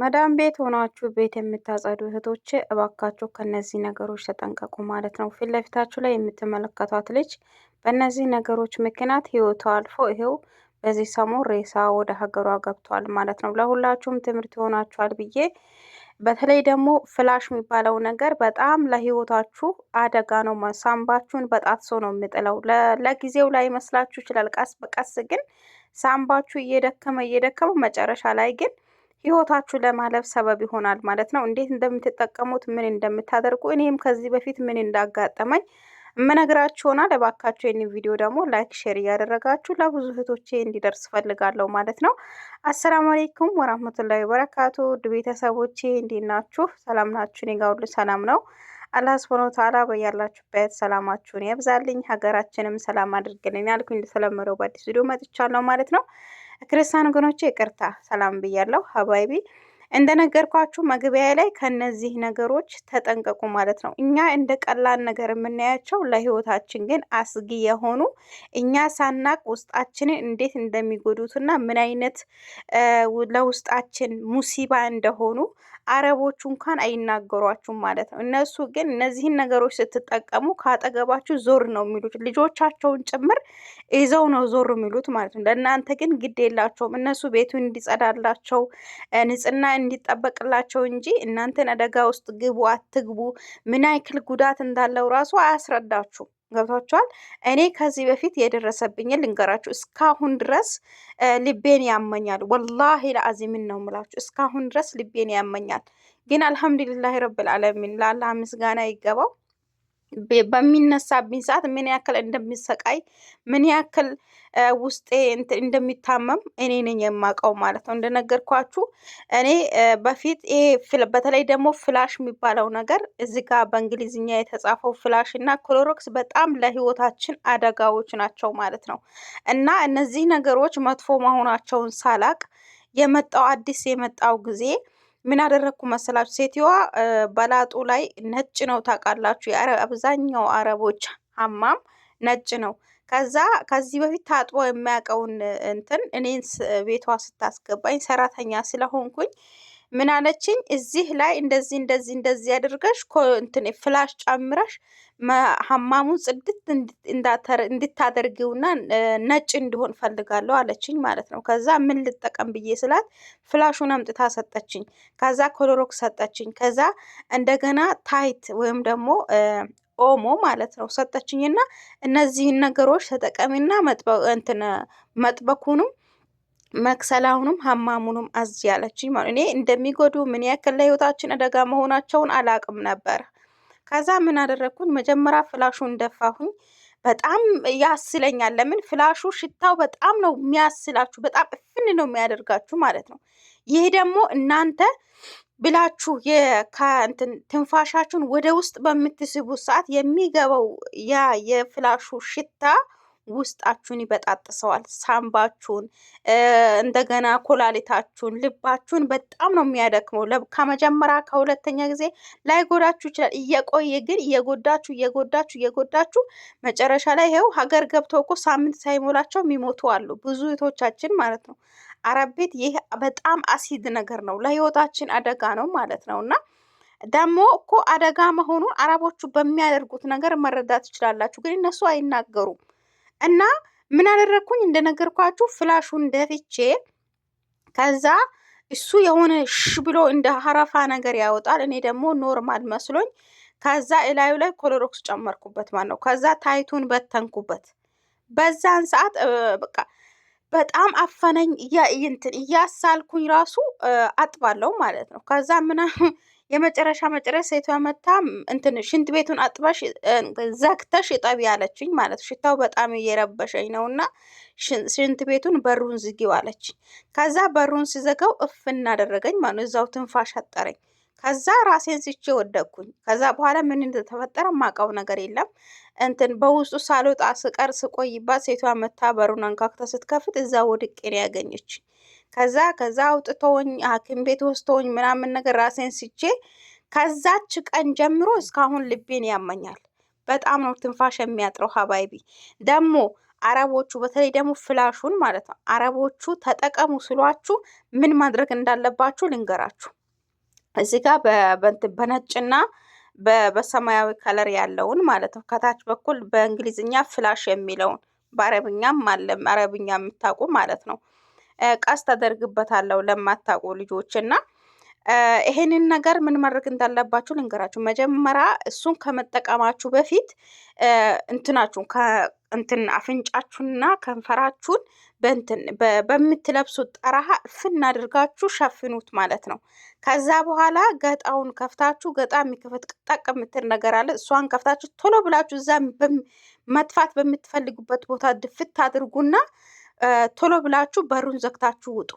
መዳም ቤት ሆናችሁ ቤት የምታጸዱ እህቶች እባካችሁ ከነዚህ ነገሮች ተጠንቀቁ ማለት ነው። ፊት ለፊታችሁ ላይ የምትመለከቷት ልጅ በእነዚህ ነገሮች ምክንያት ህይወቷ አልፎ ይሄው በዚህ ሰሞን ሬሳ ወደ ሀገሯ ገብቷል ማለት ነው። ለሁላችሁም ትምህርት ይሆናችኋል ብዬ በተለይ ደግሞ ፍላሽ የሚባለው ነገር በጣም ለህይወታችሁ አደጋ ነው። ሳምባችሁን በጣት ሰው ነው የምጥለው። ለጊዜው ላይ መስላችሁ ይችላል። ቀስ በቀስ ግን ሳምባችሁ እየደከመ እየደከመ መጨረሻ ላይ ግን ህይወታችሁ ለማለፍ ሰበብ ይሆናል ማለት ነው። እንዴት እንደምትጠቀሙት ምን እንደምታደርጉ እኔም ከዚህ በፊት ምን እንዳጋጠመኝ እምነግራችሁ ሆና ለባካችሁ ይህን ቪዲዮ ደግሞ ላይክ ሼር እያደረጋችሁ ለብዙ እህቶቼ እንዲደርስ ፈልጋለሁ ማለት ነው። አሰላሙ አሌይኩም ወራህመቱላሂ ወበረካቱ ውድ ቤተሰቦቼ እንዴት ናችሁ? ሰላም ናችሁ? እኔ ጋር ሁሉ ሰላም ነው። አላህ ስብን ታላ በያላችሁበት ሰላማችሁን ያብዛልኝ፣ ሀገራችንም ሰላም አድርግልኝ አልኩ። እንደተለመደው በአዲስ ቪዲዮ መጥቻለሁ ማለት ነው። ክርስቲያን ወገኖቼ ይቅርታ ሰላም ብያለሁ ሀባይቢ እንደነገርኳችሁ መግቢያ ላይ ከነዚህ ነገሮች ተጠንቀቁ ማለት ነው። እኛ እንደ ቀላል ነገር የምናያቸው ለህይወታችን ግን አስጊ የሆኑ እኛ ሳናቅ ውስጣችንን እንዴት እንደሚጎዱትና ምን አይነት ለውስጣችን ሙሲባ እንደሆኑ አረቦቹ እንኳን አይናገሯችሁም ማለት ነው። እነሱ ግን እነዚህን ነገሮች ስትጠቀሙ ከአጠገባችሁ ዞር ነው የሚሉት። ልጆቻቸውን ጭምር ይዘው ነው ዞር የሚሉት ማለት ነው። ለእናንተ ግን ግድ የላቸውም። እነሱ ቤቱን እንዲጸዳላቸው ንጽህና እንዲጠበቅላቸው እንጂ እናንተን አደጋ ውስጥ ግቡ አትግቡ፣ ምን ያክል ጉዳት እንዳለው ራሱ አያስረዳችሁ ገብቷችኋል? እኔ ከዚህ በፊት የደረሰብኝ ልንገራችሁ። እስካሁን ድረስ ልቤን ያመኛል። ወላሂ ለአዚምን ነው ምላችሁ። እስካሁን ድረስ ልቤን ያመኛል። ግን አልሐምዱሊላህ ረብል ዓለሚን ለአላህ ምስጋና ይገባው። በሚነሳብኝ ሰዓት ምን ያክል እንደሚሰቃይ ምን ያክል ውስጤ እንደሚታመም እኔ ነኝ የማውቀው ማለት ነው። እንደነገርኳችሁ እኔ በፊት ይሄ በተለይ ደግሞ ፍላሽ የሚባለው ነገር እዚ ጋር በእንግሊዝኛ የተጻፈው ፍላሽ እና ክሎሮክስ በጣም ለህይወታችን አደጋዎች ናቸው ማለት ነው እና እነዚህ ነገሮች መጥፎ መሆናቸውን ሳላቅ የመጣው አዲስ የመጣው ጊዜ ምን አደረግኩ መሰላችሁ? ሴትዋ በላጡ ላይ ነጭ ነው ታውቃላችሁ። አብዛኛው አረቦች ሀማም ነጭ ነው። ከዛ ከዚህ በፊት ታጥቦ የማያውቀውን እንትን እኔን ቤቷ ስታስገባኝ ሰራተኛ ስለሆንኩኝ ምን አለችኝ፣ እዚህ ላይ እንደዚህ እንደዚህ እንደዚህ አድርገሽ እንትን ፍላሽ ጨምረሽ ሀማሙን ጽድት እንድታደርጊውና ነጭ እንዲሆን ፈልጋለሁ አለችኝ ማለት ነው። ከዛ ምን ልጠቀም ብዬ ስላት ፍላሹን አምጥታ ሰጠችኝ። ከዛ ኮሎሮክ ሰጠችኝ። ከዛ እንደገና ታይት ወይም ደግሞ ኦሞ ማለት ነው ሰጠችኝና እነዚህን ነገሮች ተጠቀሚና መጥበኩንም መክሰላውንም ሀማሙንም አዝ ያለችኝ ማለት እኔ እንደሚጎዱ ምን ያክል ለህይወታችን አደጋ መሆናቸውን አላቅም ነበር። ከዛ ምን አደረግኩኝ? መጀመሪያ ፍላሹ እንደፋሁኝ በጣም ያስለኛል። ለምን ፍላሹ ሽታው በጣም ነው የሚያስላችሁ፣ በጣም እፍን ነው የሚያደርጋችሁ ማለት ነው። ይህ ደግሞ እናንተ ብላችሁ ትንፋሻችሁን ወደ ውስጥ በምትስቡ ሰዓት የሚገባው ያ የፍላሹ ሽታ ውስጣችሁን ይበጣጥሰዋል። ሳምባችሁን፣ እንደገና ኮላሊታችሁን፣ ልባችሁን በጣም ነው የሚያደክመው። ከመጀመሪያ ከሁለተኛ ጊዜ ላይጎዳችሁ ይችላል። እየቆየ ግን እየጎዳችሁ እየጎዳችሁ እየጎዳችሁ መጨረሻ ላይ ይኸው ሀገር ገብተው እኮ ሳምንት ሳይሞላቸው የሚሞቱ አሉ። ብዙ እህቶቻችን ማለት ነው። አረብ ቤት ይህ በጣም አሲድ ነገር ነው፣ ለህይወታችን አደጋ ነው ማለት ነው እና ደግሞ እኮ አደጋ መሆኑን አረቦቹ በሚያደርጉት ነገር መረዳት ትችላላችሁ። ግን እነሱ አይናገሩም። እና ምን አደረግኩኝ እንደነገርኳችሁ ፍላሹን ደፍቼ ከዛ እሱ የሆነ ሽ ብሎ እንደ ሀረፋ ነገር ያወጣል። እኔ ደግሞ ኖርማል መስሎኝ ከዛ እላዩ ላይ ኮሎሮክስ ጨመርኩበት ማለት ነው። ከዛ ታይቱን በተንኩበት። በዛን ሰዓት በቃ በጣም አፈነኝ። እንትን እያሳልኩኝ ራሱ አጥባለው ማለት ነው። ከዛ ምና የመጨረሻ መጨረሻ ሴቷ መታ እንትን ሽንት ቤቱን አጥባሽ ዘግተሽ እጠቢ አለችኝ ማለት ሽታው በጣም እየረበሸኝ ነው እና ሽንት ቤቱን በሩን ዝጊው አለችኝ። ከዛ በሩን ስዘጋው እፍ እናደረገኝ ማለት እዛው ትንፋሽ አጠረኝ። ከዛ ራሴን ስቼ ወደኩኝ። ከዛ በኋላ ምን እንደተፈጠረ ማቀው ነገር የለም። እንትን በውስጡ ሳልወጣ ስቀር ስቆይባት ሴቷ መታ በሩን አንኳኩታ ስትከፍት እዛ ወድቄ ነው ያገኘች። ከዛ ከዛ አውጥቶኝ ሐኪም ቤት ወስቶኝ ምናምን ነገር ራሴን ስቼ ከዛች ቀን ጀምሮ እስካሁን ልቤን ያመኛል። በጣም ነው ትንፋሽ የሚያጥረው። ሀባይቢ ደግሞ አረቦቹ በተለይ ደግሞ ፍላሹን ማለት ነው አረቦቹ ተጠቀሙ ስሏችሁ ምን ማድረግ እንዳለባችሁ ልንገራችሁ። እዚ ጋር በነጭና በሰማያዊ ከለር ያለውን ማለት ነው ከታች በኩል በእንግሊዝኛ ፍላሽ የሚለውን በአረብኛም አለ አረብኛ የምታውቁ ማለት ነው ቀስ ተደርግበታለው ለማታውቁ ልጆች እና ይሄንን ነገር ምን ማድረግ እንዳለባችሁ ልንገራችሁ። መጀመሪያ እሱን ከመጠቀማችሁ በፊት እንትናችሁን እንትን አፍንጫችሁንና ከንፈራችሁን በእንትን በምትለብሱት ጠረሃ እፍን አድርጋችሁ ሸፍኑት ማለት ነው። ከዛ በኋላ ገጣውን ከፍታችሁ ገጣ የሚከፈት ቅጣቅ የምትል ነገር አለ። እሷን ከፍታችሁ ቶሎ ብላችሁ እዛ መትፋት በምትፈልጉበት ቦታ ድፍት አድርጉና ቶሎ ብላችሁ በሩን ዘግታችሁ ውጡ።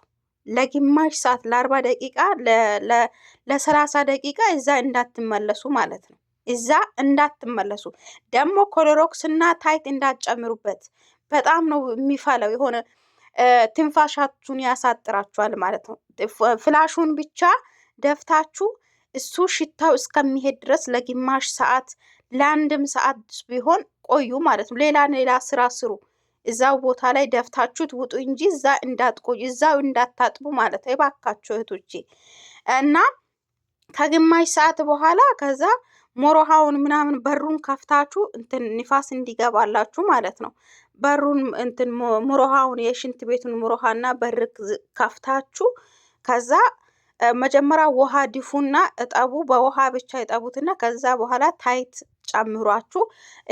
ለግማሽ ሰዓት ለአርባ ደቂቃ ለሰላሳ ደቂቃ እዛ እንዳትመለሱ ማለት ነው። እዛ እንዳትመለሱ ደግሞ ኮሎሮክስ እና ታይት እንዳትጨምሩበት። በጣም ነው የሚፈለው የሆነ ትንፋሻችሁን ያሳጥራችኋል ማለት ነው። ፍላሹን ብቻ ደፍታችሁ እሱ ሽታው እስከሚሄድ ድረስ ለግማሽ ሰዓት ለአንድም ሰዓት ቢሆን ቆዩ ማለት ነው። ሌላ ሌላ ስራ ስሩ። እዛው ቦታ ላይ ደፍታችሁት ውጡ እንጂ እዛ እንዳትቆዩ፣ እዛው እንዳታጥቡ ማለት ነው። የባካችሁ እህቶቼ እና ከግማሽ ሰዓት በኋላ ከዛ ሞሮሃውን ምናምን በሩን ከፍታችሁ እንትን ንፋስ እንዲገባላችሁ ማለት ነው። በሩን እንትን ሞሮሃውን የሽንት ቤቱን ሞሮሃና በር ከፍታችሁ ከዛ መጀመሪያ ውሃ ድፉና እጠቡ። በውሃ ብቻ እጠቡትና ከዛ በኋላ ታይት ጨምሯችሁ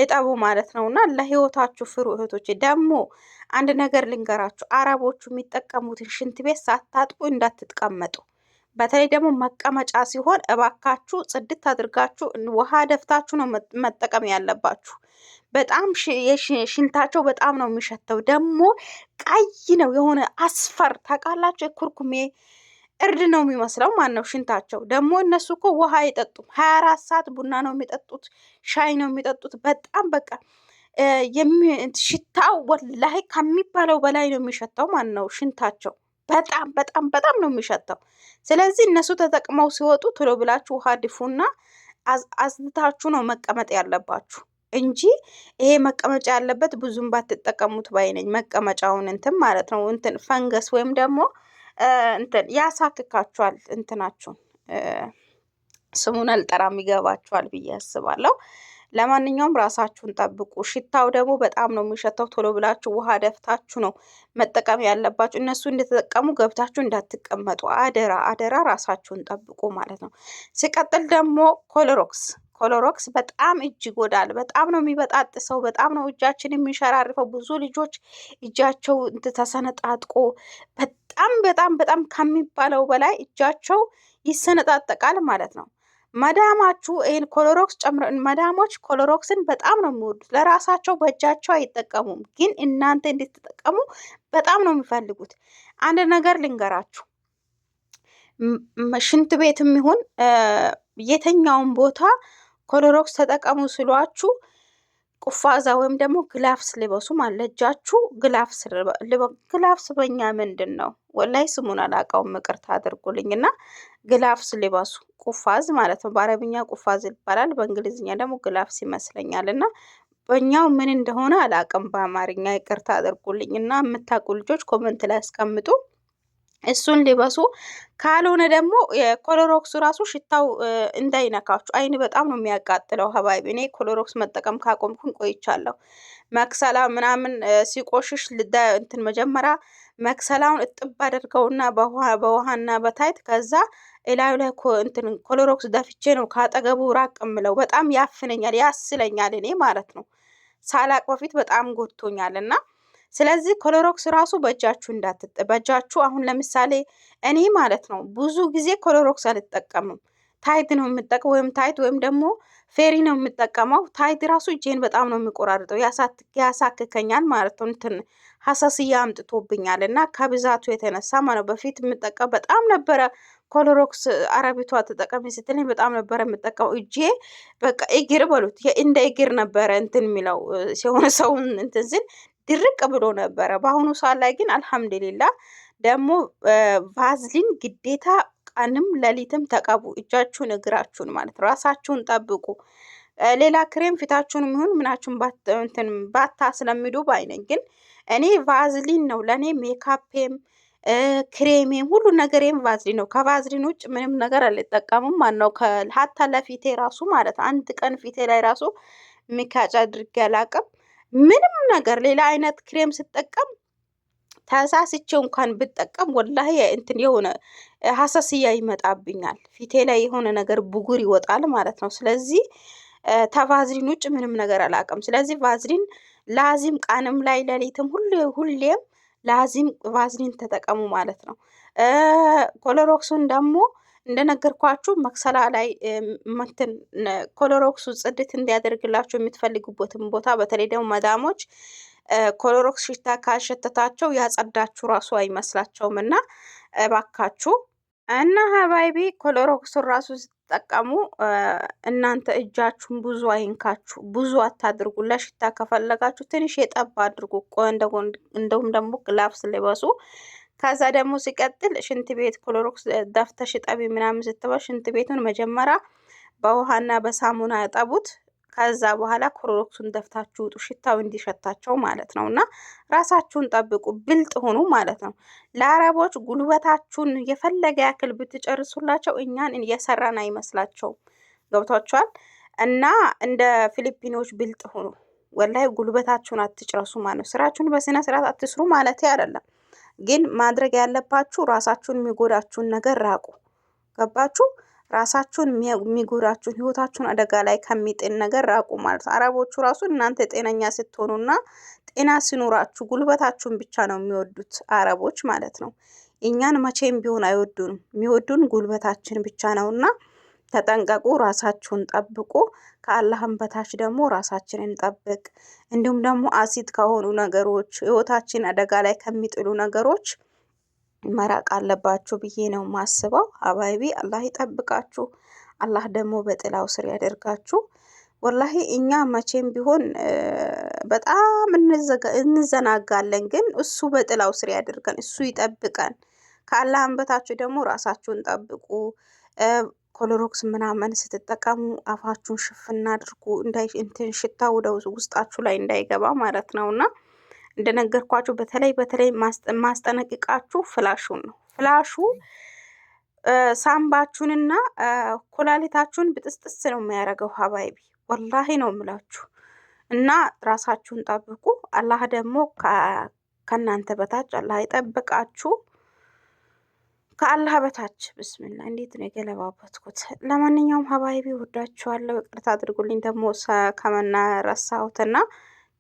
እጠቡ ማለት ነው እና ለህይወታችሁ ፍሩ እህቶች። ደግሞ አንድ ነገር ልንገራችሁ፣ አረቦቹ የሚጠቀሙትን ሽንት ቤት ሳታጥቡ እንዳትቀመጡ። በተለይ ደግሞ መቀመጫ ሲሆን እባካችሁ ጽድት አድርጋችሁ ውሃ ደፍታችሁ ነው መጠቀም ያለባችሁ። በጣም ሽንታቸው በጣም ነው የሚሸተው። ደግሞ ቀይ ነው የሆነ አስፈር ታውቃላችሁ፣ ኩርኩሜ እርድ ነው የሚመስለው ማን ነው ሽንታቸው። ደግሞ እነሱ እኮ ውሃ አይጠጡም፣ ሀያ አራት ሰዓት ቡና ነው የሚጠጡት፣ ሻይ ነው የሚጠጡት። በጣም በቃ ሽታው ወላሂ ከሚባለው በላይ ነው የሚሸተው ማን ነው ሽንታቸው። በጣም በጣም በጣም ነው የሚሸተው። ስለዚህ እነሱ ተጠቅመው ሲወጡ ቶሎ ብላችሁ ውሃ ድፉና አዝታችሁ ነው መቀመጥ ያለባችሁ እንጂ ይሄ መቀመጫ ያለበት ብዙም ባትጠቀሙት ባይነኝ መቀመጫውን እንትን ማለት ነው እንትን ፈንገስ ወይም ደግሞ እንትን ያሳክካችኋል እንትናችሁን ስሙን አልጠራም ይገባችኋል ብዬ አስባለሁ። ለማንኛውም ራሳችሁን ጠብቁ። ሽታው ደግሞ በጣም ነው የሚሸተው። ቶሎ ብላችሁ ውሃ ደፍታችሁ ነው መጠቀም ያለባችሁ። እነሱ እንደተጠቀሙ ገብታችሁ እንዳትቀመጡ አደራ አደራ። ራሳችሁን ጠብቁ ማለት ነው። ሲቀጥል ደግሞ ኮሎሮክስ ኮሎሮክስ በጣም እጅ ይጎዳል። በጣም ነው የሚበጣጥሰው። በጣም ነው እጃችን የሚሸራርፈው። ብዙ ልጆች እጃቸው ተሰነጣጥቆ በጣም በጣም በጣም ከሚባለው በላይ እጃቸው ይሰነጣጠቃል ማለት ነው። መዳማቹ ይህን ኮሎሮክስ ጨምረ መዳሞች ኮሎሮክስን በጣም ነው የሚወዱት። ለራሳቸው በእጃቸው አይጠቀሙም፣ ግን እናንተ እንድትጠቀሙ በጣም ነው የሚፈልጉት። አንድ ነገር ልንገራችሁ፣ ሽንት ቤትም ይሁን የተኛውን ቦታ ኮሎሮክስ ተጠቀሙ ስሏችሁ ቁፋዛ ወይም ደግሞ ግላፍስ ልበሱ ማለት ለእጃችሁ ግላፍስ ግላፍስ በእኛ ምንድን ነው ወላይ ስሙን አላውቀውም፣ ይቅርታ አድርጉልኝ። እና ግላፍስ ልበሱ ቁፋዝ ማለት ነው። በአረብኛ ቁፋዝ ይባላል፣ በእንግሊዝኛ ደግሞ ግላፍስ ይመስለኛል። እና በእኛው ምን እንደሆነ አላውቅም፣ በአማርኛ ይቅርታ አድርጉልኝ። እና የምታውቁ ልጆች ኮመንት ላይ አስቀምጡ። እሱን ልበሱ። ካልሆነ ደግሞ የኮሎሮክሱ ራሱ ሽታው እንዳይነካችሁ አይን በጣም ነው የሚያቃጥለው። ሀባይብ እኔ ኮሎሮክስ መጠቀም ካቆምኩኝ ቆይቻለሁ። መክሰላ ምናምን ሲቆሽሽ ልዳ እንትን መጀመሪያ መክሰላውን እጥብ አድርገውና በውሃና በታይት ከዛ እላዩ ላይ እንትን ኮሎሮክስ ደፍቼ ነው ካጠገቡ ራቅ ምለው። በጣም ያፍነኛል፣ ያስለኛል። እኔ ማለት ነው ሳላቅ በፊት በጣም ጎድቶኛል እና ስለዚህ ኮሎሮክስ ራሱ በእጃችሁ እንዳትጠ በእጃችሁ አሁን ለምሳሌ እኔ ማለት ነው ብዙ ጊዜ ኮሎሮክስ አልጠቀምም። ታይት ነው የምጠቀመው፣ ወይም ታይት ወይም ደግሞ ፌሪ ነው የምጠቀመው። ታይት ራሱ እጄን በጣም ነው የሚቆራርጠው፣ ያሳክከኛል ማለት ነው። እንትን ሀሳስያ አምጥቶብኛል እና ከብዛቱ የተነሳ ማለት በፊት የምጠቀም በጣም ነበረ ኮሎሮክስ አረቢቷ ተጠቀሚ ስትለኝ በጣም ነበረ የምጠቀመው። እጄ በቃ እግር በሉት እንደ እግር ነበረ እንትን የሚለው ሲሆን ሰውን እንትን ስል ድርቅ ብሎ ነበረ። በአሁኑ ሰዓት ላይ ግን አልሐምድሊላ ደግሞ ቫዝሊን ግዴታ ቀንም ለሊትም ተቀቡ። እጃችሁን እግራችሁን ማለት ነው። ራሳችሁን ጠብቁ። ሌላ ክሬም ፊታችሁን የሚሆን ምናችሁን ባታ ስለሚዱ ባይነኝ ግን እኔ ቫዝሊን ነው ለእኔ ሜካፔም ክሬሜም ሁሉ ነገሬም ቫዝሊን ነው። ከቫዝሊን ውጭ ምንም ነገር አልጠቀምም። ማነው ሀታ ለፊቴ ራሱ ማለት አንድ ቀን ፊቴ ላይ ራሱ ሚካጫ አድርጌ አላቅም። ምንም ነገር ሌላ አይነት ክሬም ስጠቀም ተሳስቼው እንኳን ብጠቀም ወላሂ እንትን የሆነ ሀሳስያ ይመጣብኛል። ፊቴ ላይ የሆነ ነገር ብጉር ይወጣል ማለት ነው። ስለዚህ ተቫዝሊን ውጭ ምንም ነገር አላውቅም። ስለዚህ ቫዝሊን ላዚም ቃንም ላይ ለሊትም ሁሌም ላዚም ቫዝሊን ተጠቀሙ ማለት ነው። ኮሎሮክሱን ደግሞ እንደነገርኳችሁ መክሰላ ላይ እንትን ኮሎሮክሱ ጽድት እንዲያደርግላቸው የምትፈልጉበትን ቦታ በተለይ ደግሞ መዳሞች ኮሎሮክስ ሽታ ካሸተታቸው ያጸዳችሁ ራሱ አይመስላቸውም እና እባካችሁ እና ሀባይቢ ኮሎሮክሱን ራሱ ስትጠቀሙ እናንተ እጃችሁን ብዙ አይንካችሁ፣ ብዙ አታድርጉ። ለሽታ ከፈለጋችሁ ትንሽ የጠባ አድርጉ። እንደውም ደግሞ ግላፍስ ልበሱ። ከዛ ደግሞ ሲቀጥል ሽንት ቤት ክሎሮክስ ደፍተሽ እጠቢ ምናምን ስትባል ሽንት ቤቱን መጀመሪያ በውሃና በሳሙና ያጠቡት። ከዛ በኋላ ክሎሮክሱን ደፍታችሁ ውጡ፣ ሽታው እንዲሸታቸው ማለት ነው። እና ራሳችሁን ጠብቁ፣ ብልጥ ሆኑ ማለት ነው። ለአረቦች ጉልበታችሁን የፈለገ ያክል ብትጨርሱላቸው እኛን እየሰራን አይመስላቸውም። ገብቷቸዋል። እና እንደ ፊሊፒኖች ብልጥ ሆኑ። ወላይ ጉልበታችሁን አትጭረሱ ማለት ነው። ስራችሁን በስነ ስርዓት አትስሩ ማለት አይደለም። ግን ማድረግ ያለባችሁ ራሳችሁን የሚጎዳችሁን ነገር ራቁ። ገባችሁ? ራሳችሁን የሚጎዳችሁን ህይወታችሁን አደጋ ላይ ከሚጥን ነገር ራቁ ማለት አረቦቹ ራሱ እናንተ ጤነኛ ስትሆኑና ጤና ሲኖራችሁ ጉልበታችሁን ብቻ ነው የሚወዱት አረቦች ማለት ነው። እኛን መቼም ቢሆን አይወዱንም። የሚወዱን ጉልበታችን ብቻ ነውና ተጠንቀቁ፣ ራሳችሁን ጠብቁ። ከአላህም በታች ደግሞ ራሳችንን ጠብቅ። እንዲሁም ደግሞ አሲድ ከሆኑ ነገሮች ህይወታችን አደጋ ላይ ከሚጥሉ ነገሮች መራቅ አለባችሁ ብዬ ነው ማስበው። አባይቢ አላህ ይጠብቃችሁ። አላህ ደግሞ በጥላው ስር ያደርጋችሁ። ወላሂ እኛ መቼም ቢሆን በጣም እንዘናጋለን፣ ግን እሱ በጥላው ስር ያደርገን፣ እሱ ይጠብቀን። ከአላህም በታችሁ ደግሞ ራሳችሁን ጠብቁ። ኮሎሮክስ ምናምን ስትጠቀሙ አፋችሁን ሽፍን አድርጉ፣ እንትን ሽታ ወደ ውስጣችሁ ላይ እንዳይገባ ማለት ነው። እና እንደነገርኳችሁ በተለይ በተለይ ማስጠነቅቃችሁ ፍላሹን ነው። ፍላሹ ሳምባችሁንና ኮላሊታችሁን ብጥስጥስ ነው የሚያደርገው። ሀባይቢ ወላሂ ነው የምላችሁ። እና ራሳችሁን ጠብቁ። አላህ ደግሞ ከእናንተ በታች አላህ ይጠብቃችሁ። ከአላህ በታች ብስምላ እንዴት ነው የገለባበትኩት? ለማንኛውም ሀባይቢ ወዳችኋለሁ፣ ይቅርታ አድርጉልኝ። ደግሞ ከመና ረሳሁትና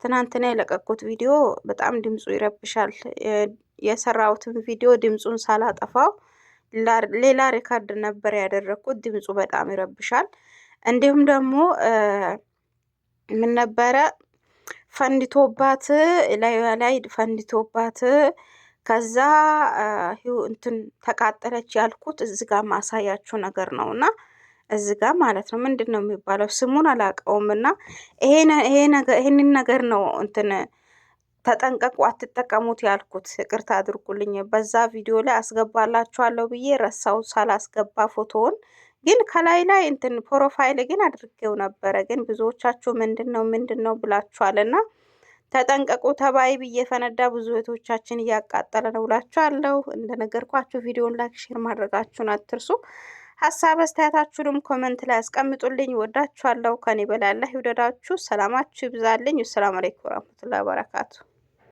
ትናንትና የለቀኩት ቪዲዮ በጣም ድምፁ ይረብሻል። የሰራሁትን ቪዲዮ ድምፁን ሳላጠፋው ሌላ ሪካርድ ነበር ያደረግኩት። ድምፁ በጣም ይረብሻል። እንዲሁም ደግሞ ምን ነበረ ፈንድቶባት ላይ ላይ ፈንድቶባት ከዛ እንትን ተቃጠለች ያልኩት እዚህ ጋር ማሳያችሁ ነገር ነው እና እዚህ ጋር ማለት ነው ምንድን ነው የሚባለው ስሙን አላውቀውም እና ይህንን ነገር ነው እንትን ተጠንቀቁ አትጠቀሙት ያልኩት ይቅርታ አድርጉልኝ በዛ ቪዲዮ ላይ አስገባላችኋለሁ ብዬ ረሳው ሳላስገባ ፎቶውን ግን ከላይ ላይ እንትን ፕሮፋይል ግን አድርጌው ነበረ ግን ብዙዎቻችሁ ምንድን ነው ምንድን ነው ብላችኋል እና ተጠንቀቁ ተባይ እየፈነዳ ብዙ እህቶቻችን እያቃጠለ ነው ብላችኋለሁ። እንደነገርኳችሁ ቪዲዮን ላይክ፣ ሼር ማድረጋችሁን አትርሱ። ሀሳብ አስተያየታችሁንም ኮመንት ላይ አስቀምጡልኝ። ወዳችኋለሁ። ከኔ በላይ አላህ ይውደዳችሁ። ሰላማችሁ ይብዛልኝ። ሰላም አለይኩም ወራህመቱላሂ ወበረካቱ።